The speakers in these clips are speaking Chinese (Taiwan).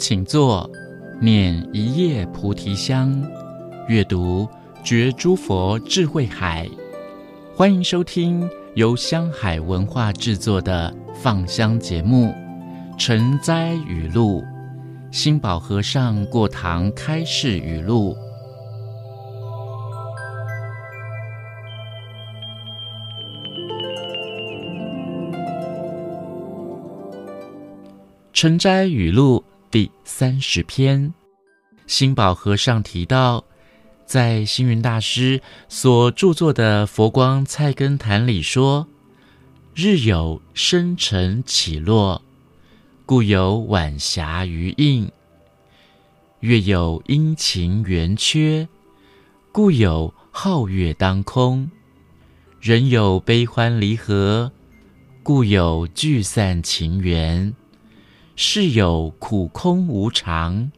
請坐，念一夜菩提香，閱讀覺諸佛智慧海。歡迎收聽由香海文化制作的放香節目《晨齋語錄》，心保和尚過堂開示語錄，《晨齋語錄》。第三十篇，心保和尚提到，在星雲大師所著作的《佛光菜根譚》裡說：“日有升沉起落，故有晚霞餘映；月有陰晴圓缺，故有皓月當空；人有悲歡離合，故有聚散情緣。”世有苦空無常，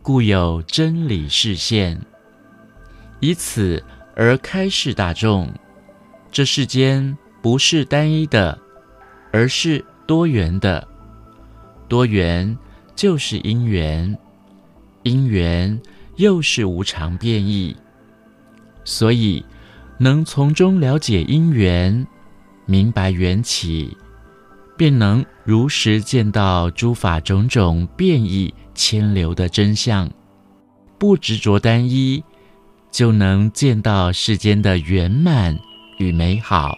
故有真理示現，以此而開示大眾。這世間不是單一的，而是多元的。多元就是因緣，因緣又是無常變異，所以能從中了解因緣，明白緣起。便能如實見到諸法種種變異牽流的真相，不執着單一，就能見到世間的圓滿與美好。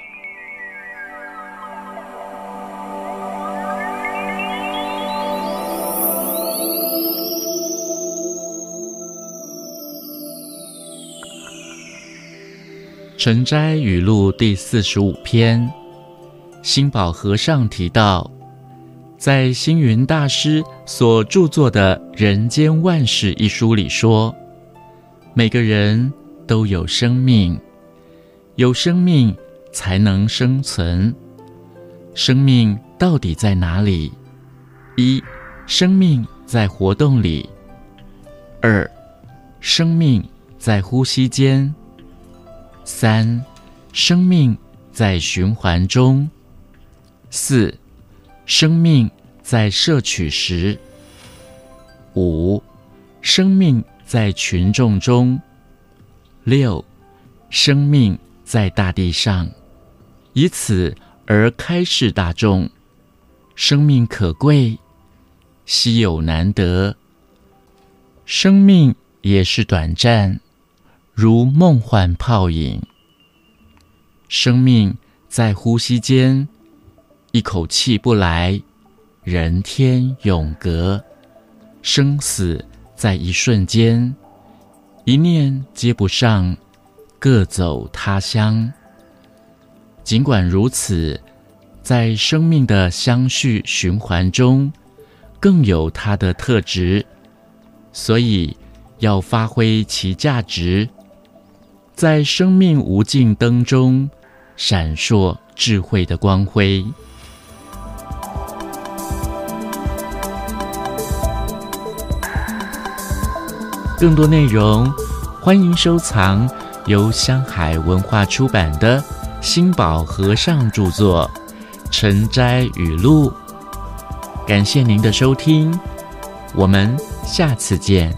成齋語錄第四十五篇。心保和尚提到，在星雲大師所著作的《人間萬事》一書裡說，每個人都有生命，有生命才能生存。生命到底在哪裡？一、生命在活動裡；二、生命在呼吸間；三、生命在循環中。四，生命在攝取時；五，生命在群眾中；六，生命在大地上，以此而開示大眾。生命可貴，稀有難得。生命也是短暫，如夢幻泡影。生命在呼吸間。一口氣不來，人天永隔；生死在一瞬間，一念接不上，各走他鄉。儘管如此，在生命的相續循環中，更有它的特質，所以要發揮其價值，在生命無盡燈中閃爍智慧的光輝。更多內容，歡迎收藏由香海文化出版的《心保和尚著作·晨齋語錄》。感謝您的收聽，我們下次見。